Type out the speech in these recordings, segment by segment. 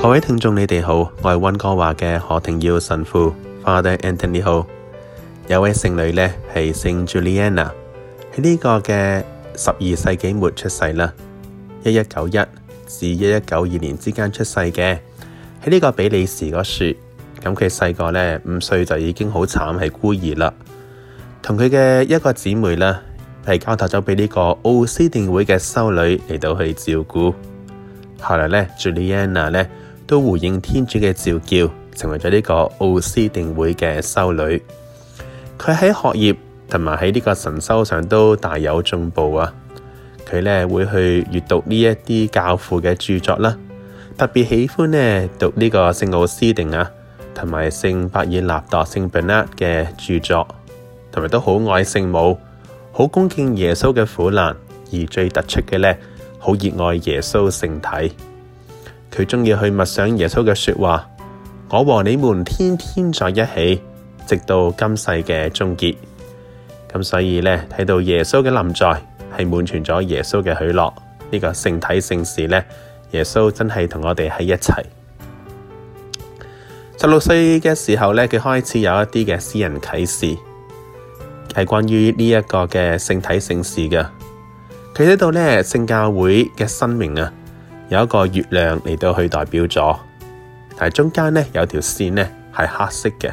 各位聽眾，你哋好，我係溫哥華嘅何庭耀神父 Father Anthony。好，有位聖女咧，係聖 Juliana，喺呢個嘅十二世紀末出世啦，一一九一至一一九二年之間出世嘅，喺呢個比利時嗰處。咁佢細個咧五歲就已經好慘係孤兒啦，同佢嘅一個姊妹咧係交託咗俾呢個奧斯定會嘅修女嚟到去照顧。後來咧，Juliana 咧。都回應天主嘅召叫，成為咗呢個奧斯定會嘅修女。佢喺學業同埋喺呢個神修上都大有進步啊！佢呢會去閱讀呢一啲教父嘅著作啦，特別喜歡呢讀呢個聖奧斯定啊，同埋聖伯爾納鐸聖伯納嘅著作，同埋都好愛聖母，好恭敬耶穌嘅苦難，而最突出嘅呢，好熱愛耶穌聖體。佢中意去默想耶穌嘅說話，我和你們天天在一起，直到今世嘅終結。咁所以咧，睇到耶穌嘅臨在係滿全咗耶穌嘅許諾，呢個聖體聖事咧，耶穌真係同我哋喺一齊。十六歲嘅時候咧，佢開始有一啲嘅私人啟示，係關於呢一個嘅聖體聖事嘅。佢呢度咧，聖教會嘅生命啊。有一個月亮嚟到去代表咗，但係中間呢有條線呢係黑色嘅，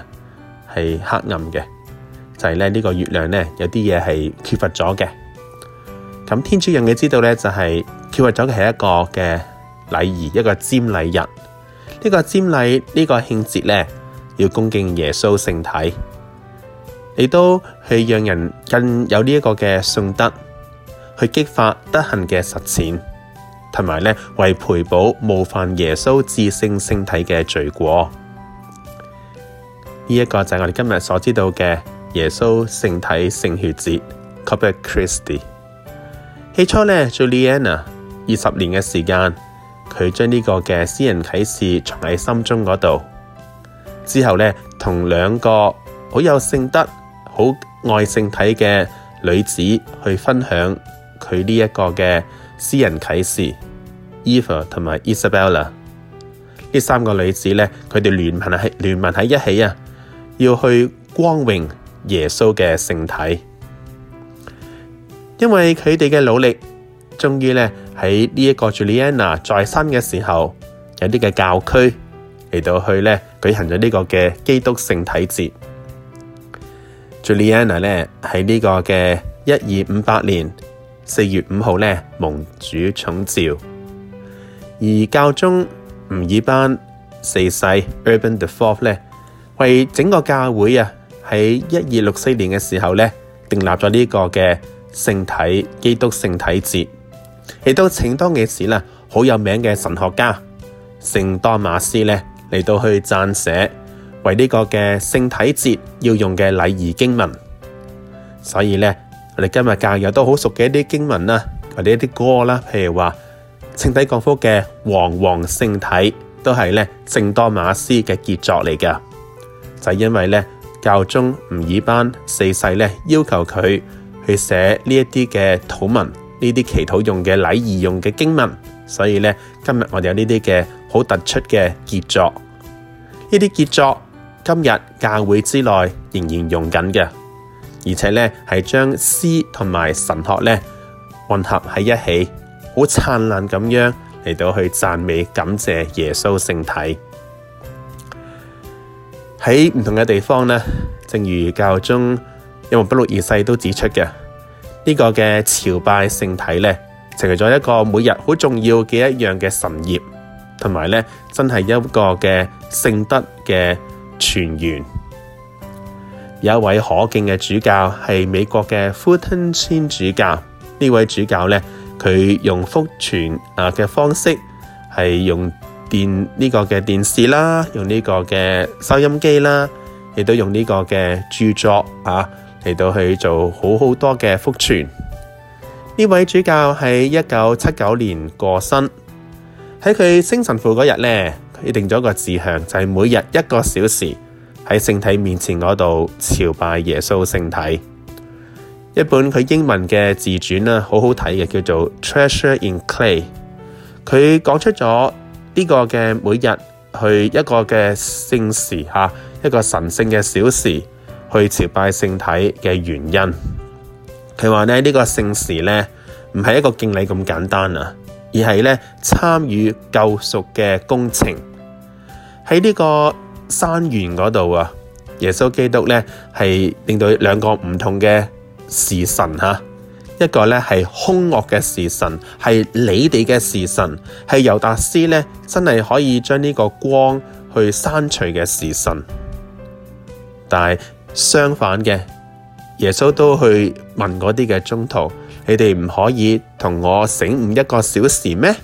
係黑暗嘅，就係呢個月亮呢，有啲嘢係缺乏咗嘅。咁天主讓你知道呢，就係缺乏咗嘅係一個嘅禮儀，一個瞻禮日。呢個瞻禮呢個慶節呢，要恭敬耶穌聖體，嚟到去讓人更有呢個嘅信德，去激發德行嘅實踐。同埋咧，為賠補冒犯耶穌至聖聖體嘅罪過，呢、這、一個就係我哋今日所知道嘅耶穌聖體聖血節。Corpus Christi 起初咧，叫 Juliana，二十年嘅時間，佢將呢個嘅私人啟示藏喺心中嗰度，之後咧，同兩個好有聖德、好愛聖體嘅女子去分享佢呢一個嘅私人啟示，Eva 同埋 Isabella 呢三個女子呢，佢哋聯盟喺聯盟喺一起啊，要去光榮耶穌嘅聖體。因為佢哋嘅努力終於，終於呢喺呢一個 Juliana 在生嘅時候，有啲嘅教區嚟到去呢舉行咗呢個嘅基督聖體節。Juliana 呢，喺呢個嘅一二五八年。四月五號呢，蒙主寵召。而教宗吳爾班四世 Urban IV 呢，為整個教會啊，喺一二六四年嘅時候呢，訂立咗呢個嘅聖體基督聖體節，亦都請當時啦，好有名嘅神學家聖多馬斯呢，嚟到去撰寫為呢個嘅聖體節要用嘅禮儀經文，所以呢。我哋今日教友都好熟嘅一啲經文啦，或者一啲歌啦，譬如話《聖體降福》嘅《皇皇聖體》，都係呢聖多瑪斯嘅傑作嚟㗎。就因為呢教宗烏爾班四世呢要求佢去寫呢一啲嘅禱文、呢啲祈禱用嘅禮儀用嘅經文，所以呢今日我哋有呢啲嘅好突出嘅傑作。呢啲傑作今日教會之內仍然用緊嘅。而且呢，係將詩同埋神學呢混合喺一起，好燦爛咁樣，嚟到去讚美感謝耶穌聖體。喺唔同嘅地方呢，正如教宗若望保祿二世都指出嘅，呢、這個嘅朝拜聖體呢，成為咗一個每日好重要嘅一樣嘅神業，同埋呢，真係一個嘅聖德嘅泉源。有一位可敬嘅主教，係美國嘅富爾頓辛主教。呢位主教呢，佢用福傳啊嘅方式，係用電呢、這個嘅電視啦，用呢個嘅收音機啦，亦都用呢個嘅著作啊嚟到去做好好多嘅福傳。呢位主教喺一九七九年過身，喺佢升神父嗰日呢，佢定咗個志向，就係、是、每日一個小時。喺聖體面前嗰度朝拜耶穌聖體，一本佢英文嘅自傳啦，好好睇嘅，叫做《Treasure in Clay》。佢講出咗呢個嘅每日去一個嘅聖時吓，一個神聖嘅小時，去朝拜聖體嘅原因。佢話咧，呢個聖時咧唔係一個敬禮咁簡單啊，而係咧參與救贖嘅工程喺呢個。山園嗰度啊，耶穌基督呢係令到兩個唔同嘅時辰吓，一個呢係凶惡嘅時辰，係你哋嘅時辰，係猶達斯呢，真係可以將呢個光去刪除嘅時辰。但係相反嘅，耶穌都去問嗰啲嘅宗徒，你哋唔可以同我醒寤一個小時咩？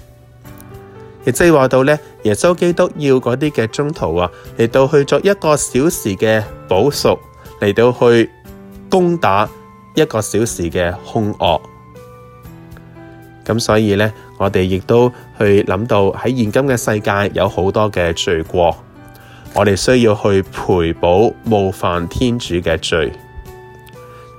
亦即係話到咧。耶穌基督要嗰啲嘅宗徒啊，嚟到去做一個小時嘅補贖，嚟到去攻打一個小時嘅凶惡。噉所以呢，我哋亦都去諗到喺現今嘅世界有好多嘅罪過，我哋需要去賠補冒犯天主嘅罪。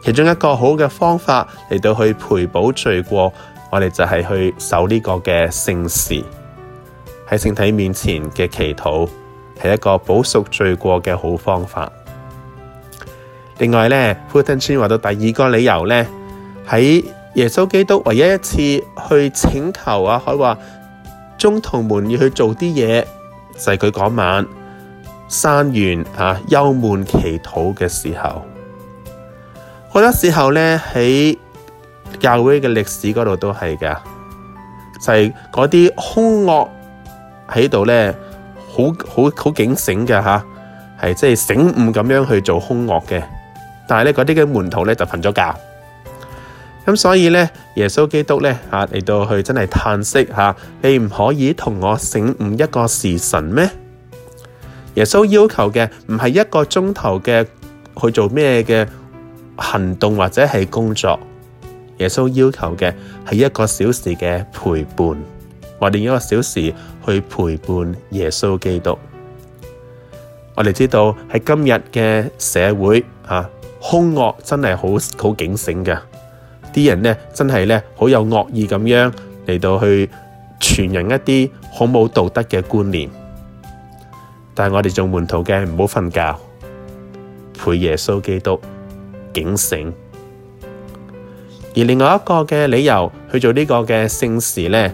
其中一個好嘅方法嚟到去賠補罪過，我哋就係去守呢個嘅聖事。喺聖體面前嘅祈禱係一個補贖罪過嘅好方法。另外呢，富爾頓話到第二個理由呢，喺耶穌基督唯一一次去請求啊，海話宗徒們要去做啲嘢，就係佢嗰晚山園啊，幽悶祈禱嘅時候。好多時候呢，喺教會嘅歷史嗰度都係噶，就係嗰啲凶惡。喺度咧，好好好警醒嘅吓，係即係醒悟咁樣去做凶惡嘅，但係咧嗰啲嘅門徒咧就瞓咗覺，咁所以咧耶穌基督咧吓嚟到去真係嘆息吓，你唔可以同我醒悟一個時辰咩？耶穌要求嘅唔係一個鐘頭嘅去做咩嘅行動或者係工作，耶穌要求嘅係一個小時嘅陪伴。我哋一個小時去陪伴耶穌基督。我哋知道喺今日嘅社會啊，兇惡真係好好警醒嘅。啲人呢真係呢好有惡意咁樣嚟到去傳人一啲好冇道德嘅觀念。但係我哋做門徒嘅唔好瞓覺，陪耶穌基督警醒。而另外一個嘅理由去做呢個嘅聖時呢。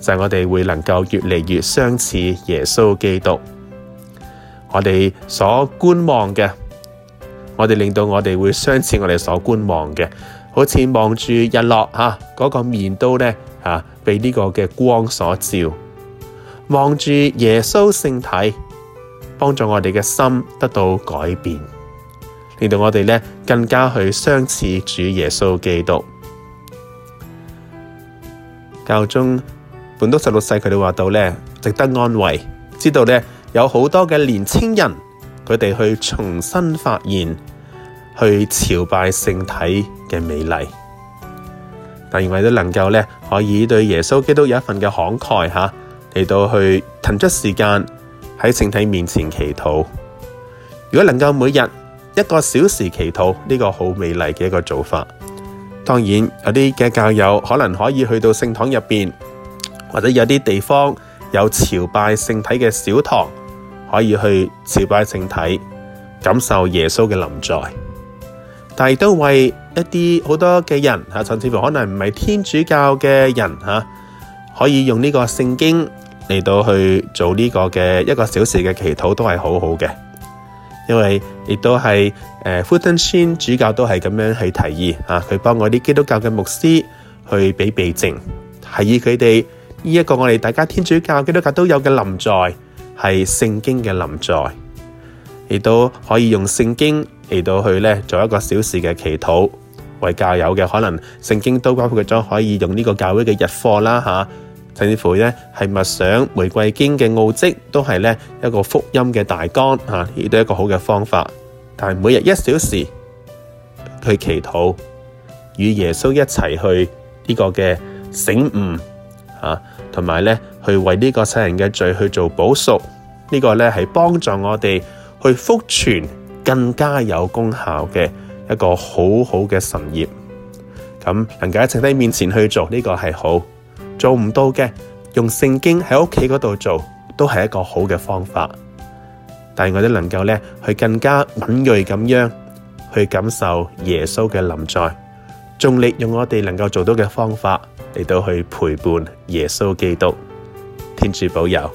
就係、是、我哋會能夠越嚟越相似耶穌基督，我哋所觀望嘅，我哋令到我哋會相似我哋所觀望嘅，好似望住日落嗰，啊那個面都呢、啊、被呢個嘅光所照，望住耶穌聖體，幫助我哋嘅心得到改變，令到我哋呢更加去相似主耶穌基督，教宗。本篤十六世佢哋話到呢，值得安慰，知道呢，有好多嘅年青人佢哋去重新發現，去朝拜聖體嘅美麗。但二，我哋都能夠呢，可以對耶穌基督有一份嘅慷慨吓，嚟到去騰出時間喺聖體面前祈禱。如果能夠每日一個小時祈禱，呢個好美麗嘅一個做法。當然有啲嘅教友可能可以去到聖堂入邊。或者有啲地方有朝拜聖體嘅小堂，可以去朝拜聖體，感受耶穌嘅臨在。但係都為一啲好多嘅人吓，甚至乎可能唔係天主教嘅人吓，可以用呢個聖經嚟到去做呢個嘅一個小時嘅祈禱，都係好好嘅。因為亦都係誒，富爾頓主教都係咁樣去提議吓，佢、啊、幫我啲基督教嘅牧師去俾避靜，係以佢哋。呢一個我哋大家天主教、基督教都有嘅臨在，係聖經嘅臨在，亦都可以用聖經嚟到去咧做一個小時嘅祈禱，為教友嘅可能聖經都包括咗，可以用呢個教會嘅日課啦吓，甚至乎咧係默想玫瑰經嘅奧蹟，都係咧一個福音嘅大綱吓，亦都一個好嘅方法。但係每日一小時去祈禱，與耶穌一齊去呢個嘅醒寤。啊，同埋咧，去為呢個世人嘅罪去做補贖，這個、呢個咧係幫助我哋去福傳更加有功效嘅一個很好好嘅神業。咁、嗯、能夠喺聖體面前去做呢、這個係好，做唔到嘅用聖經喺屋企嗰度做都係一個好嘅方法。但係我哋能夠咧去更加敏銳咁樣去感受耶穌嘅臨在。盡力用我哋能夠做到嘅方法嚟到去陪伴耶穌基督，天主保佑。